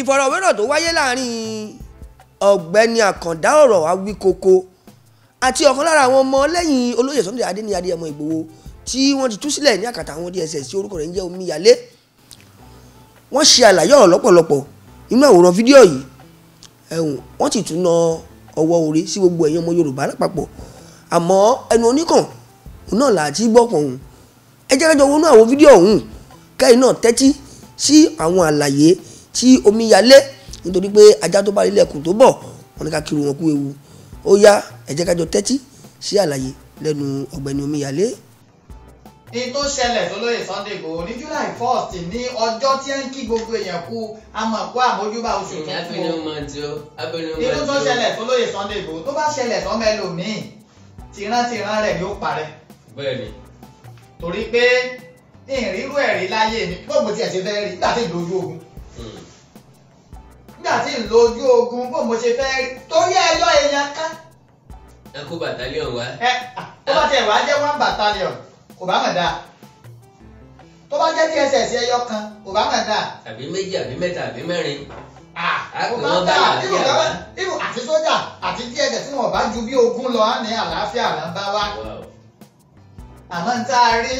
ìfọ̀rọ̀wérọ̀ tó wáyé láàrin ọ̀gbẹ́ni àkàndá ọ̀rọ̀ awíkoko àti ọ̀kan lára àwọn ọmọ lẹ́yìn olóyè Sunday adé ní adéyẹmọ ìgbòho tí wọ́n ti tú sílẹ̀ ní àkàtà àwọn DSS tí orúkọ rẹ̀ ń jẹ́ omíyalé wọ́n ṣe àlàyé ọ̀rọ̀ lọ́pọ̀lọpọ̀ nínú àwòrán fídíò yìí ẹ̀hún wọ́n ti tún na ọwọ́ orí sí gbogbo ẹ̀yin ọmọ Yorùbá lápapọ̀ àmọ́ ẹnu oníkàn òun náà là á ti gbọ́ pọ̀hún ẹ jẹ́ ká jọ wọnú àwọn fídíò ọ̀hún kẹ́yìn náà tẹ́tí sí àwọn àlàyé tí omi yalé nítorí pé ajá tó bá ilẹ̀kùn tó bọ̀ wọn ní ká kiri wọn kú ewu ó yá ẹ jẹ́ ká jọ tẹ́tí sí àlàyé lẹ́nu ọ̀gbẹ́ni omíyalé ní tó ṣẹlẹ̀ sólóyè Sunday Igboho ní July first ní ọjọ́ tí ẹ ń kí gbogbo èèyàn kú amọ̀kọ́ àmójúbà oṣù tó kú nínú tó ṣẹlẹ̀ sólóyè Sunday Igboho tó bá ṣẹlẹ̀ sọ́mọ ẹlòmíì tìrantìran rẹ̀ yóò parẹ́ torí pé ìrírú ẹ̀rí láyé mi gbogbo tí ẹ̀ fẹ́ rí nígbà nígbà tí ń lójú ogun bó mo ṣe fẹ́ rí torí ẹjọ́ èèyàn ká. ẹ kó bàtálíọ̀n wá. ẹ tó bá tiẹ̀ wá jẹ́ one battalion kò bá mọ̀ dáa tó bá jẹ́ DSS ẹyọ kan kò bá mọ̀ dáa. àbí méjì àbí mẹ́ta àbí mẹ́rin. kò bá dáa irú kaba irú àti sójà àti DSS tí wọn bá ju bí ogun lọ á ní àlàáfíà là ń bá wá. àmọ́ ń tá a rí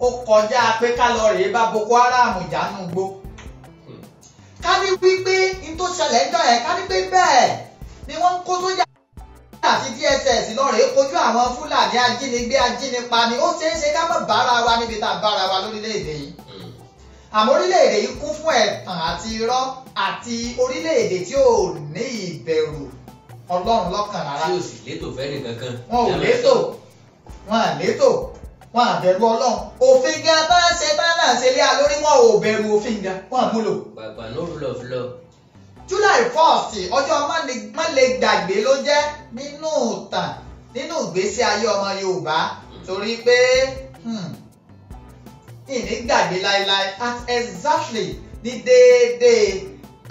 ó kọjá pé ká lọ rèé bá Boko Haram jánu gbó ká ní wípé n tó ṣẹlẹ̀ ń jọ ẹ̀ ká ní pé bẹ́ẹ̀ ni wọ́n ń kó sójà àti DSS lọ́rẹ̀ẹ́ kojú àwọn Fúlàní ajínigbé ajínipa ni ó ṣeé ṣe ká mọ̀ bára wa níbi tá a bára wa lórílẹ̀‐èdè yìí àmọ́ orílẹ̀‐èdè yìí kún fún ẹ̀tàn àti irọ́ àti orílẹ̀‐èdè tí ò ní ìbẹ̀rù Ọlọ́run lọ́kàn rárá. tí o sì létò fẹ́ni kankan. wọn ò létò wọn à létò wọn àbẹ̀rù ọlọ́run òfin gan bá ṣe bá náà ṣe lé alórí wọn ò bẹ̀rù òfin gan wọn àmúlò. gbàgbà no rule of law. July first ọjọ́ má lè gbàgbé ló jẹ́ nínú ìtàn nínú ìgbésí ayé ọmọ Yorùbá torí pé ìní hmm, gbàgbé láéláé at exactly ní déédéé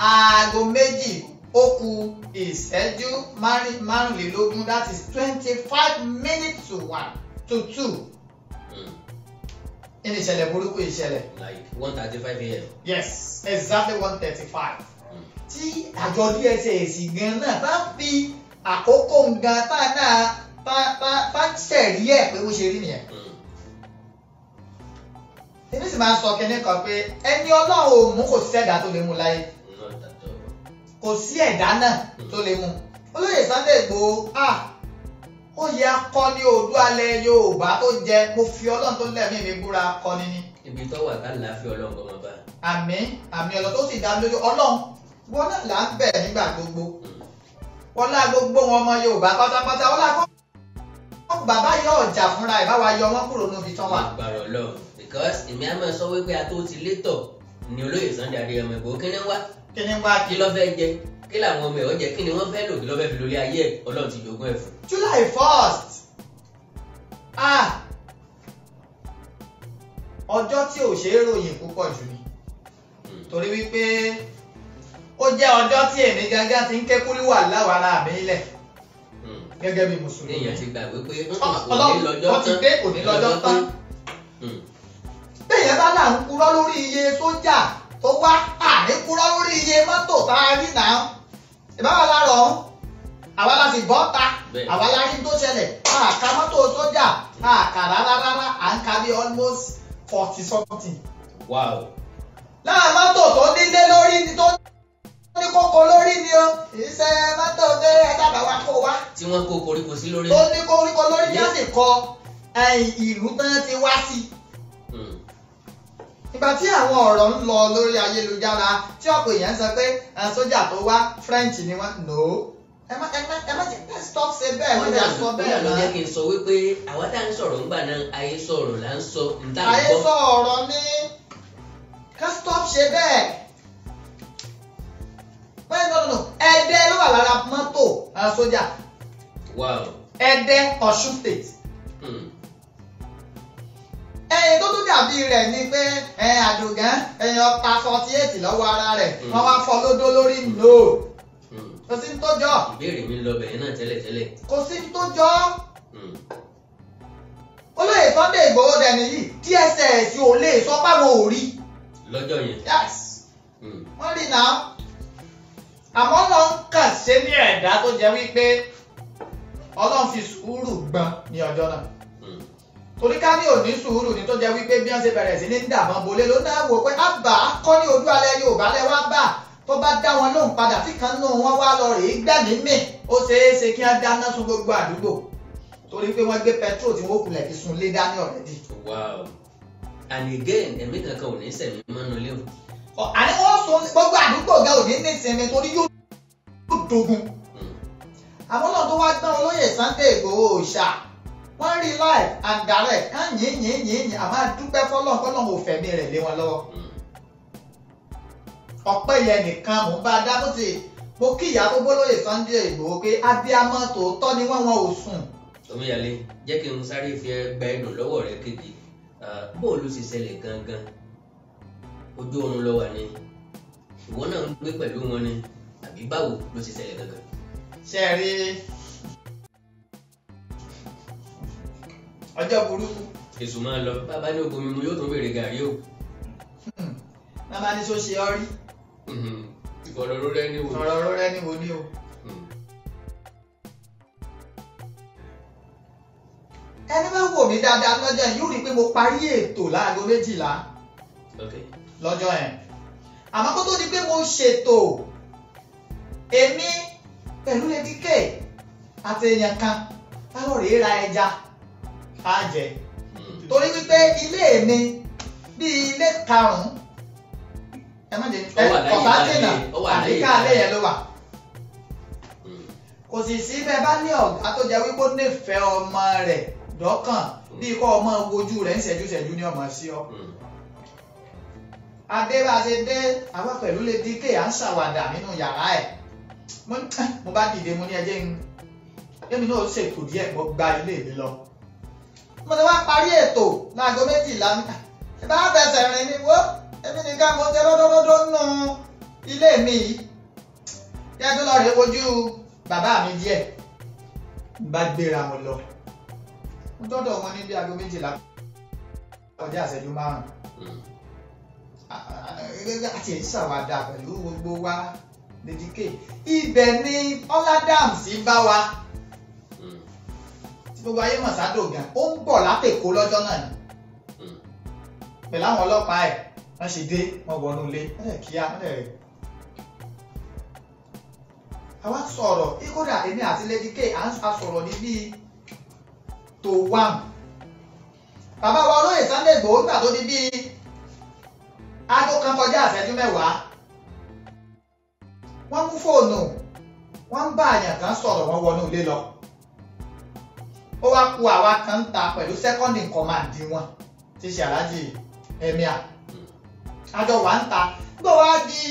aago méjì ó kù ìṣẹ́jú márùnlélógún that is twenty five minutes to one to two ní ìṣẹ̀lẹ̀ burúkú ìṣẹ̀lẹ̀. like one thirty five a.m. yes exactly one thirty five. Hmm. tí àjọ DSS gan náà bá fi àkókò nǹkan tá náà bá ṣẹ̀rí ẹ̀ pé ó ṣe rí nìyẹn. Hmm. èmi sì máa ń sọ kínní kan pé ẹni ọlọ́run ò mú kò sí ẹ̀dá tó lè mú láyé kò sí ẹ̀dá náà tó lè mú olóyè Sunday Igboho ah oyè akọni òdu alẹ yorùbá tó jẹ mo fi ọlọ́run tó lẹ́mìí mi búra akọni ni. ibi tó wà ká là á fi ọlọ́run kan bá. àmín àmín ọ̀nà tó sì dá lójú ọlọ́run wọn náà là ń bẹ̀ nígbà gbogbo wọn lá gbogbo wọn ọmọ yorùbá pátápátá wọn lá kọ́ bàbá yọ ọjà fúnra ẹ̀ bá wa yọ wọn kúrò níbi tán wà. gbàrọ̀ lọ because èmi á máa sọ wípé a tó ti létọ̀ ni olóyè Sunday Adéyẹmọ ìbò kíní wá. kíní wá kí ló fẹ́ jẹ kí làwọn ọmọ ẹ̀ ọ̀jẹ̀ kí ni wọ́n fẹ́ lò kí fi lórí ayé ẹ̀ ọlọ́run ti jogún ẹ̀ fún. July first ah ọjọ́ tí ò ṣeé ròyìn púpọ̀ jù ni hmm. torí wípé ó jẹ́ ọjọ́ tí èmi gángan ti ń ké kúlú wà láwọ̀ ara mi lẹ̀ hmm. gẹ́gẹ́ bí mùsùlùmí. èèyàn ti gbà wípé òní lọ́jọ́ tán ọtí òní lọ́jọ́ tán. bẹ́ẹ̀ hmm. bá là ń purọ́ lórí iye sójà tó wá àní purọ́ lórí iye mọ́tò tá a rí náà ìbáwá lára ọ̀hún àwa la sì bọ́ ta àwa la rí tó ṣẹlẹ̀ àka mọ́tò sójà àka rárá rárá à ń ka almost forty something. wow. láà mọ́tò tó nílé lórí ni tó ní kókó lórí ni o ìṣe mọ́tò tó yẹ dábàá wa kó wa. tí wọ́n kó koríko sí lórí. tó ní koríko lórí ni a sì kọ ìlú tán ti wá sí i ìgbà tí àwọn ọ̀rọ̀ ń lọ lórí ayélujára tí ọ̀pọ̀ èèyàn sọ pé sójà tó wá French ni wọ́n lò ó ẹ má ẹ má jẹ pé stop ṣe bẹ́ẹ̀ wọ́n jà sọ bẹ́ẹ̀ náà. wọ́n jẹ́ kí n sọ wípé àwa tá ń sọ̀rọ̀ ńgbà náà ayé sọ̀rọ̀ là ń sọ níta gbọ́. ayé sọ ọ̀rọ̀ ni ká stop ṣe bẹ́ẹ̀ pé nọ́nà ẹ̀ẹ́dẹ́ ló wà lára mọ́tò sójà ẹ̀ẹ́dẹ́ Ọ̀ṣun state. tàbí rẹ̀ ni pé àjògán èèyàn pa forty eight lọ́wọ́ ara rẹ̀ hmm. wọ́n wá fọ́ lódó lórí no hmm. kò sí tó jọ. ìbéèrè mi lọ bẹ̀yẹn náà tẹ́lẹ̀tẹ́lẹ̀. kò sí tó jọ. Hmm. olóyè Sunday Igboho dẹni yìí DSS ò lè sọ báwo ò rí. lọ́jọ́ yẹn. yes wọ́n rí náà àmọ́ lọ ń kàn sí ní ẹ̀dá tó jẹ́ wípé ọlọ́run fi sùúrù gbọ́n ní ọjọ́ náà torí ká ní òní sùúrù ní tó jẹ́ wípé bí wọ́n ṣe bẹ̀rẹ̀ sí ní dàmọ́ bolé ló náà wò pé àbá kọ́ ní ojú alẹ́ Yorùbá lẹ wá bá tó bá dá wọn lóhùn padà tí kan nù wọn wá lọ rèé gbẹ̀mí mì ó ṣeé ṣe kí wọ́n dáná sun gbogbo àdúgbò torí pé wọ́n gbé petrol tí wọ́n kulẹ̀ fi sun lé dání ọ̀rẹ́dì. wow and again ẹ̀mí kankan ò ní sẹ̀mí mọ́nú léwu. àní wọ́n sun gbogbo àdúgbò gẹ òní ní ìsinmi torí yóò dogun hmm. àwọn náà tó wá gbọ́n olóyè Sunday Ìgbòho ṣáà wọ́n rí life and direct ká yín yín yín yín àmọ́ dúpẹ́ fọlọ́n kọ́lọ́n ò fẹ̀mí rẹ̀ lé wọn lọ́wọ́. ọ̀pẹ́ yẹn nìkan mò ń bá a dá bó ti mo kí ìyá tó gbólóyè Sunday Ìgbòho pé abiyamọ tòótọ́ ni wọ́n wọn ò sùn. Omíyalé jẹ́ kí n sáré fi ẹgbẹ́ ẹnu lọ́wọ́ rẹ kéde bóòlù sì ṣẹlẹ̀ gangan ojú oorun ló wà ní ìwọ náà ń gbé pẹ̀lú wọn ni àbí báwo ló sì ṣẹlẹ̀ gangan. ṣe é rí ọjọ́ burúkú. èso máa lọ bàbá ní ogun mímu yóò tún béèrè gàrí o. Hmm. bàbá ní sọ ṣe ọ rí. Hmm. ọ̀rọ̀ ló rẹ́ ní wo. ọ̀rọ̀ ló rẹ́ ní wo ni o. Hmm. ẹni bá wò mí dáadáa lọ́jọ́ yìí yóò rí i pé mo parí ètò láago méjìlá lọ́jọ́ yẹn àmọ́ kó tó di pé mo ṣètò èmi pẹ̀lú Ledike àti èèyàn kan tá lọ́ọ́ rèé ra ẹja. E á jẹ torí wípé ilé mi bíi ilé karùn-ún ẹ má jẹ ọ̀fà dènà àríkà alẹ́ yẹn ló wà hmm. kò sì sí bẹ́ẹ̀ bá ní ọ̀gá tó jẹ́ wípé ó nífẹ̀ẹ́ ọmọ rẹ̀ dọ́kàn hmm. bí kò ọmọ wojú rẹ̀ ń ṣẹ́jú-ṣẹ́jú ní ọmọ sí ọ. Hmm. adé bá a ṣe dé àwa pẹ̀lú lè di kéèyà ń ṣàwàdà nínú yàrá ẹ̀ mo ah, bá dìde mo ní ẹjẹ́ ń èmi náà ṣètò díẹ̀ mo gba ilé mi lọ mo ti wá parí ètò láago méjìlá ń kà ìbá fẹsẹ̀ rìn ni wo èmi nìkan mo ti rọ́dọ́rọ́dọ́ nù ilé mi yìí kẹ́ tó lọ rèé wojú bàbá mi díẹ̀ bá gbéra wọn lọ mo dọ́dọ̀ wọn ní bí aago méjìlá kọjá àṣẹjú márùn-ún àti èyí ṣàwádà pẹ̀lú gbogbo wa dédíkè ibẹ̀ ni ọládàmsí bá wa tí gbogbo ayé mọ̀ sádò gan ó ń bọ̀ látẹ̀kọ́ lọ́jọ́ náà ni hmm. pẹ̀lú àwọn ọlọ́pàá ẹ̀ wọ́n ṣe dé wọ́n wọnú ilé wọ́n kíá wọ́n rẹ̀. àwa sọ̀rọ̀ kódà èmi àti lady k à ń sọ̀rọ̀ ní bíi tó wàm bàbá wa olóyè Sunday Igboho gbà tó di bíi aago kan kọjá àṣẹjú mẹ́wàá wọ́n mú fóònù wọ́n ń bá àyàn kan sọ̀rọ̀ wọ́n wọnú ilé lọ. ó wá ku àwa kan ń ta pẹ̀lú second in command wọn ti ṣe aláàjì emir àjọ wà ń ta gbọ́ wá di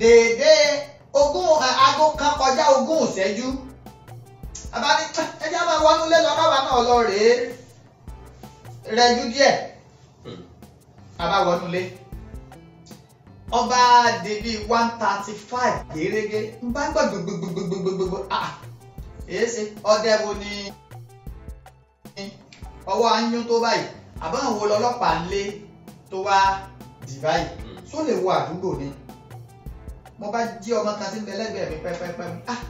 dèédé ogún aago kan kọjá ogún ìṣẹ́jú abáni ẹjẹ́ máa wọnú lé lọ náà lọ rèé rẹjú díẹ̀ abá wọnú lé ọba dèbí one thirty five gèrègè ń bá gbọ́ èéṣe ọdẹ wo ni ọwọ́ anyún tó báyìí àbáwọn wo lọ́lọ́pàá ń lé tó wá dì báyìí só hmm. lè wo àdúgbò ni mo bá jí ọmọ kan tí ń bẹ mi pẹ́pẹ́pẹ́ mi ah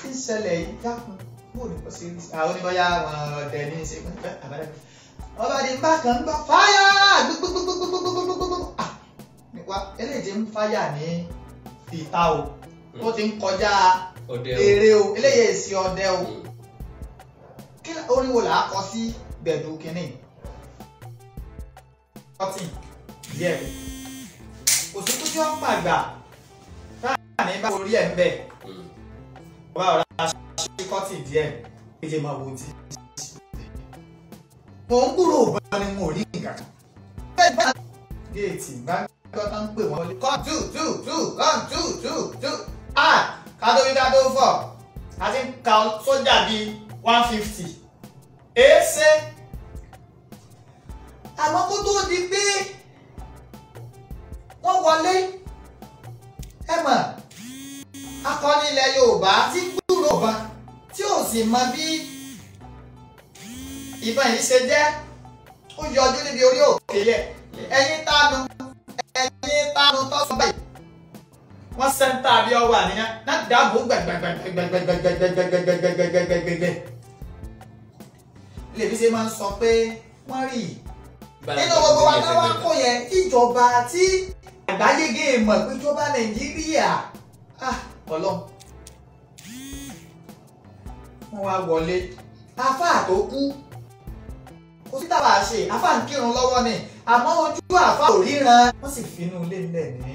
tí ń ṣẹlẹ̀ yìí dákun bó ni kò sí ah, àwọn oníbọ̀yà àwọn ọ̀dẹ̀ ní í ṣe pẹ́pẹ́ àbẹ́rẹ́ ọba di bá kan gbọ́ fáyà gbogbogbogbogbogbogbogbogbogbogbò ah nípa eléyìí ti ń fáyà ní ìta o ó ti ń kọjá èrè o eléyè èsì ọdẹ o hmm. kí orin wo là á kọ sí gbẹ̀dù kínní cotton díẹ̀ òsì tó jọ pàgbà táà ní bá orí ẹ̀ ń bẹ̀ ọba hmm. ọ̀rá ṣe cotton kéje máa wo ti mò ń kúrò bá ni mo rí nǹkan bẹ́ẹ̀ bá géètì bá gbọ́dọ̀ ń pè wọ́n kọ́ tù tù tù kọ́ tù tù tù ah ká tó wí ká tó fọ̀ a ti ń ka sójà bíi one fifty èéṣe àmọ́ kó tó di pé wọ́n wọlé ẹ mọ̀ akọni ilẹ̀ Yorùbá ti gbúrò ọba tí ò sì mọ bí ìbọn yìí ṣe jẹ́ ó yọjú níbi orí òkè yẹ tánu ẹ̀yin tánu tọ́sọ báyìí wọ́n sẹ́ńtà bí ọwọ́ àníyàn láti dáàbò gbẹ̀gbẹ̀gbẹ̀gbẹ̀gbẹ̀gbẹ̀gbẹ̀gbẹ̀gbẹ̀gbẹ̀gbẹ̀ lèmi ṣe máa ń sọ pé wọ́n rí nínú gbogbo wa náà wá kó yẹn ìjọba tí àgbáyé géèmọ̀ ìjọba nàìjíríà ọlọ́run wọ́n wá wọlé afáà tó kú kò sí tàbá ṣe afáà ń kírun lọ́wọ́ ni àmọ́ ojú àfáà ò ríran wọ́n sì finú ilé ńlẹ̀ ní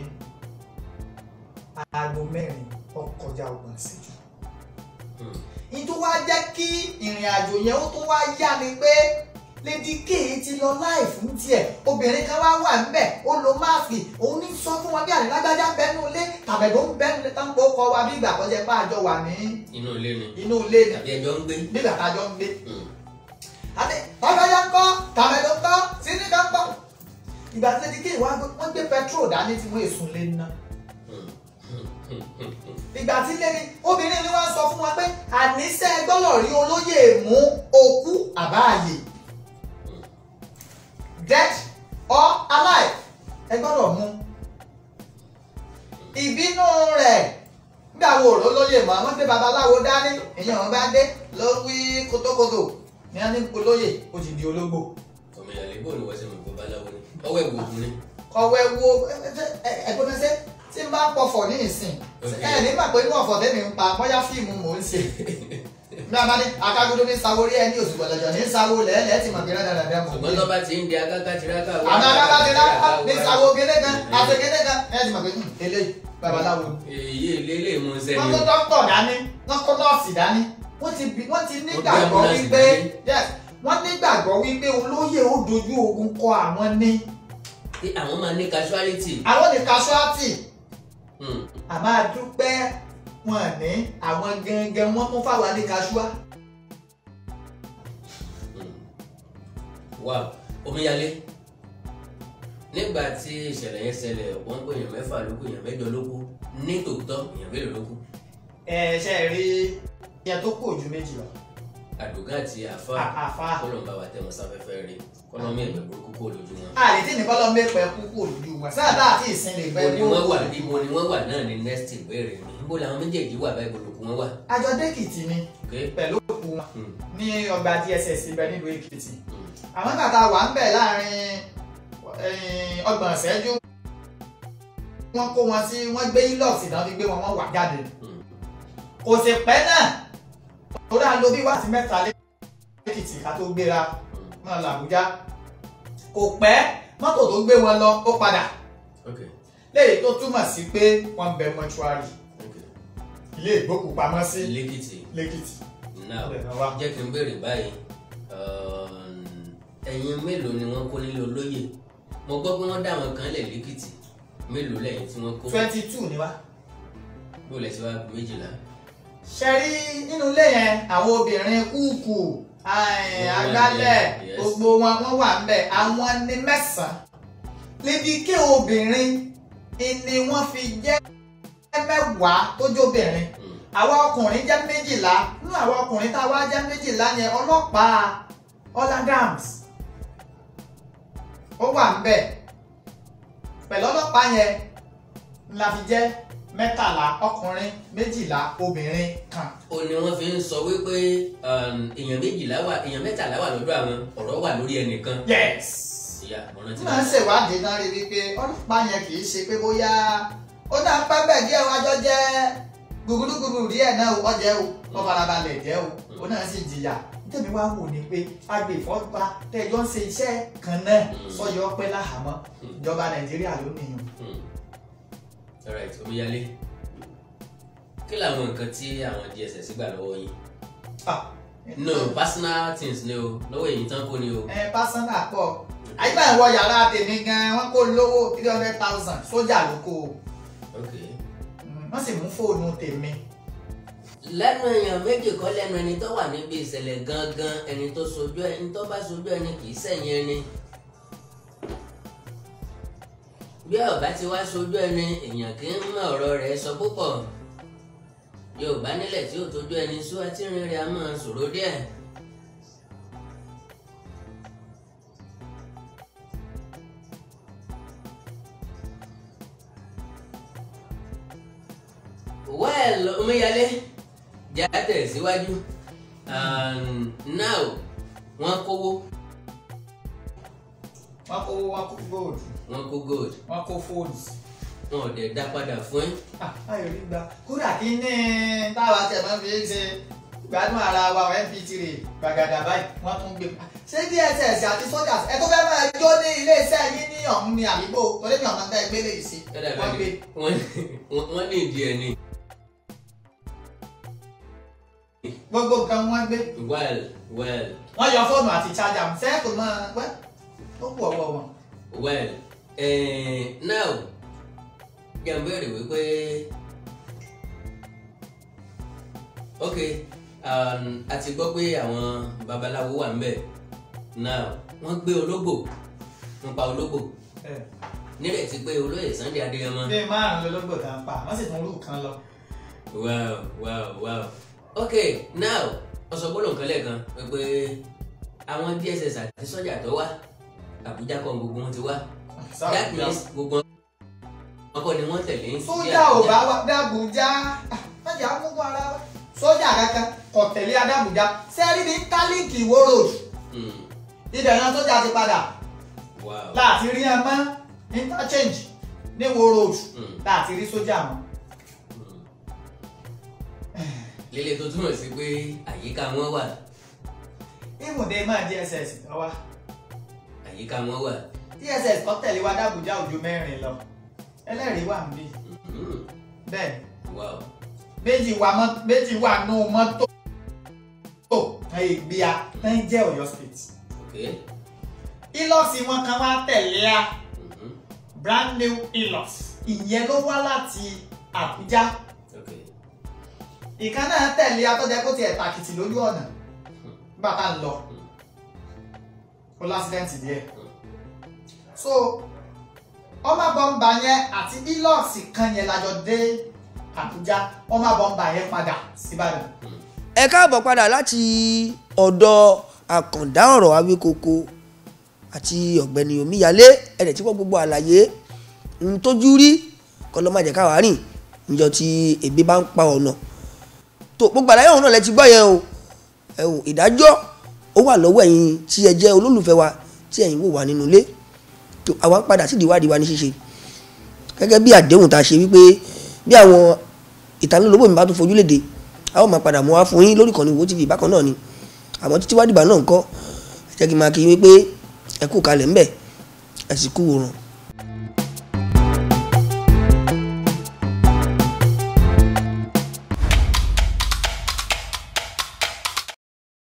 aago mẹ́rin ọkọjá ọgbọ̀n ìṣẹ́jú. ìtò hmm. wá jẹ́ kí ìrìn àjò yẹn ó tó wá yá ni pé Lady K ti lọ láì fún tiẹ̀ obìnrin kan wá wà ńbẹ̀ ó lo máàfì òun ní sọ fún wọn bí àlè lágbájá bẹnu ilé tàbẹ̀dọ̀ ń bẹnu ilé tán kó kọ wa bí ìgbà kan jẹ pé àjọ wà ní. inú ilé ni inú ilé ni tàbí ẹjọ ń gbé nígbà tá a jọ ń gbé. Hmm. àti lágbájá ń kọ́ tàbẹ̀dọ̀ ń kọ́ sínú kan kọ́ ìgbà tí Lady K wá gbé pẹtrol dání tí wọ́n èso lé ná ìgbà tí lẹ́ni obìnrin ni wọ́n sọ fún wa pé àníṣe gbọ́dọ̀ rí olóyè mú òkú àbáàyè dead or alive ẹ gbọ́dọ̀ mú ìbínú rẹ̀ nígbà wo òró lóyè mọ́ àwọn gbé babaláwo dání èèyàn wọn bá dé ló wí kótókótó ní wọn ní olóyè ó ti di ológbò. ọmọ ìyàlẹ́ bò ni wọ́n ṣe mọ̀ babaláwo ni ọwọ́ ẹ̀ wò ó ni. ọwọ́ ẹ̀ wò ẹgbẹ́ mẹ́sẹ̀ tí n bá ń pọfọ̀ ní ìsìn ẹ nígbà pé inú ọ̀fọ̀ tẹ́mi ń pa bóyá fíìmù mò ń ṣe bí a bá ní akágúdú ní sawo rí ẹ ní oṣù gbọdọjọ ní sawo lẹ́ẹ̀lẹ́ ti mọ̀ bí rárá rárá mọ̀. ṣùgbọ́n tó bá ti ń di agágá ti rákà wá. àmì agágá ti rákà ní sawo gédé gan àti gédé gan ẹ ti mọ̀ pé eléyìí hmm, babaláwo. èyí eléyìí mú sẹ́yìn. wọ́n tó dọ́kítọ̀ dání wọ́n kó nọ́ọ̀sì dání wọ́n ti nígbàgbọ́ wípé wọ́n nígbàgbọ́ wípé olóyè ó dojú ogun kọ àwọn ní. àwọn máa ní casualty. àwọn ní casualty a máa dúpẹ́ wọn ní àwọn gangan wọn mú fáwọn ní kaṣúà. wà omíyalé nígbà tí ìṣẹ̀lẹ̀ yẹn ṣẹlẹ̀ wọ́n pé èèyàn mẹ́fà ló kù èèyàn mẹ́jọ ló kù ní tòótọ́ èèyàn mélòó ló kù. ẹ ṣe rí iye tó kù ojú méjì lọ. àdùgá àti àfa kọlọmbà wà tẹmọ sáfẹ́fẹ́ rí kọlọmí ẹgbẹ burúkú kò lójú wọn. àlè tí ní kọlọmí ẹgbẹ burúkú kò lójú wọn sáàtà àti ìsinlẹ ìgbẹ burúkú. ibo ni wọn wà ibo ni wọn wà náà ní next ìbéèrè mi ibo làwọn méjèèjì wà báyìí gbòdòkú wọn wà. àjọ dẹ́kìtì ni pẹ̀lú òkú wọn hmm. ní ọgbà DSS ibẹ nílùú Èkìtì hmm. àwọn bàtà wà ń bẹ̀ láàrin eh, ọgbọ̀n ìṣẹ́jú wọ́n kó wọn sí wọ́n gbé ilọ̀ọ̀sì náà fi gbé wọn wọ́n wà jáde hmm. kò sì pẹ́ náà tó dáa lo bí wáàsí mẹ́ta lẹ́kìtì ká tó gbéra máa lọ Àbújá kò pẹ́ mọ́tò tó gbé wọn lọ ó padà léyìí tó túmọ̀ sí pé wọ́n ń bẹ mọ́ṣúárì ilé ìgbókùpamọ́sí lẹ́kìtì lẹ́kìtì. jẹ́ kí n béèrè báyìí ehm, ẹ̀yin mélòó ni wọ́n kó nílé olóyè mo gbọ́ pé wọ́n dá àwọn kan lẹ̀ lẹ́kìtì mélòó lẹ́yìn tí wọ́n kó. twenty two ni wá. bó lẹ ṣe wá méjìlá. ṣe rí nínú ilé yẹn àwọn obìnrin kúùkù agbálẹ̀ gbogbo wọn wọ́n wà ńbẹ̀ àwọn ni mẹ́sàn-án níbi kí obìnrin ni wọ́n fi jẹ́ mẹ́wàá tó jóbìnrin hmm. àwa ọkùnrin jẹ́ méjìlá nínú àwa ọkùnrin tá a wá jẹ́ méjìlá yẹn ọlọ́pàá ọ̀làgàms ó wà ńbẹ̀ pẹ̀lú ọlọ́pàá yẹn la fi jẹ́ mẹ́tàlá ọkùnrin méjìlá obìnrin kan. ó ní wọ́n fi ń sọ wípé um, èèyàn méjìlá wà èèyàn mẹ́tàlá wà lọ́dọ̀ àwọn ọ̀rọ̀ wà lórí ẹnìkan. yes. máa ń ṣèwádìí náà rí wípé ọlọ́pàá yẹn kì í ṣe pé bóyá ó náà pẹ́ bẹ́ẹ̀ díẹ̀ wájọ́ jẹ́ gùgùdùgùdù díẹ̀ náà ọjẹ́ o wọ́n farabalẹ̀ jẹ́ o ó náà sì jìyà tẹ̀mí wá wò ni pé agbèfọ́gba tẹ̀jọ́ ń ṣe iṣẹ́ kan náà hmm. sọ́yọ́ pẹ́ láhàámọ́ hmm. ìjọba Nàìjíríà ló nìyàn hmm alright omíyalé kí làwọn nǹkan tí àwọn DSS gbà lọ́wọ́ yín. Ah, no personal things ni o lọ́wọ́ èyí tán kò ní o. ẹ eh, personal pọ̀ àyíká ìwọ yàrá tèmi gan wọ́n kó lówó three hundred thousand sójà ló kó o. wọ́n sì mú fóònù tèmi lẹ́nu èèyàn méjì kọ́ lẹ́nu ẹni tó wà níbi ìṣẹ̀lẹ̀ gangan ẹni tó sojú ẹni tó bá sojú ẹni kì í sẹ̀yìn ẹni bí ọba ti wá sojú ẹni èèyàn kì í mọ ọ̀rọ̀ rẹ̀ sọ púpọ̀ yorùbá nílẹ̀ tí ó tójú ẹni sú àtìrìn rẹ̀ a máa ṣòro díẹ̀. well omíyalé jà tẹ̀síwájú um, now wọ́n kówó wọ́n kó owó wọ́n kó gold. wọ́n kó gold. wọ́n kó phones. wọn ò dẹ̀ dá padà fún yín. ayò rí gba kódà kí ní táwa tẹ̀ máa fi ṣe gbádùn ara wa ọ̀ mpt rè gbàgàdà báyìí wọ́n tún gbé. Ah, ṣé dss àti sojas ẹ tó fẹ́ máa jó ní iléeṣẹ́ yín ní ọ̀hún ni àbígbó torí mi ọ̀nà tẹ́ ẹ gbélé yìí sí. wọ́n ní ìdí ni. gbogbo nǹkan wọ́n gbé. well well. wọ́n yọ fóònù àti chájà ṣé kò máa wẹ́ ó wọ̀ wọ̀ wọ̀. well eh, now jẹ́ n béèrè wípé ok um, a ti gbọ́ pé àwọn babaláwo wà ń bẹ̀ now wọ́n gbé ológbò wọ́n pa ológbò nílẹ̀ ti pé olóyè Sunday Adéyẹmọ. bẹ́ẹ̀ márùn-ún lológbò tá a pa wọ́n sì tún rú kan lọ. wow wow wow ok now ọ̀sọ̀gbọ́n lòun kan lẹ́ẹ̀kan pé àwọn DSS àti sọ́jà tó wá Àbújá kan gbogbo wọn ti wá that means gbogbo wọn kọ́ ni wọ́n tẹ̀lé ń sí Àbújá. sójà ò bá wa dábùjá májà gbogbo ara wa sójà kankan kò tẹ̀lé adábùjá sẹ́rí ní tálíkì ìwó road hmm. ibẹ̀ náà sójà ti padà láti rí ẹ mọ́ interchange ní ìwó road láti hmm. rí sójà mọ́ lílé hmm. tó túmọ̀ sí pé àyíká wọn wà. ìmùdé máa jẹ́ lọ́wọ́ àyíká wọn wà. DSS tó tẹ̀lé wa d'Àbújá òjò mẹ́rin lọ ẹlẹ́rìí wà níbí hmm. bẹ́ẹ̀ méjì wà méjì wà nù mọ́tò tó ìgbé a tó ń jẹ́ Ọ̀yọ́ state ilọ́ọ̀sì wọn kan wá tẹ̀lé a hmm. brand new ilọ́ọ̀sì ìyẹn ló wá láti Àbújá ìkan náà tẹ̀lé a tó jẹ́ kó tiẹ̀ tàkìtì lójú ọ̀nà hmm. bàbá ń lọ. Mm o l'accident díẹ̀ so ọmọbọmba yẹn àti ilọ́ọ̀sì kan yẹn lájọ dé Àbújá ọmọbọmba yẹn padà síbàdàn. ẹ káàbọ̀ padà láti ọ̀dọ̀ àkàndá ọ̀rọ̀ Awíkoko àti ọ̀gbẹ́ni Omíyalé ẹ̀rẹ̀ tí wọ́n gbogbo àlàyé ń tójú rí kọlọ́mọ̀jẹ̀ káwá rìn níjọ tí ebi bá ń pa ọ̀nà tó gbogbo àlàyé ọ̀hún náà lẹ ti gbọ́ yẹn o ẹ̀hún ìdájọ́ ó wà lọ́wọ́ ẹ̀yin tí ẹ jẹ́ olólùfẹ́ wa tí ẹ̀yin wò wá nínú ilé tó àwa padà sí ìdíwádìí wa ní ṣíṣe gẹ́gẹ́ bí àdéhùn tá a ṣe wípé bí àwọn ìtanilólobó mi bá tún fojú léde a ó máa padà mú wa fún yín lórí ìkànnì Wo TV bákan náà ni àmọ́ títí wádìí bá náà ń kọ́ ẹ kí n máa kí wípé ẹ kú kalẹ̀ ńbẹ̀ ẹ sì kú wòrán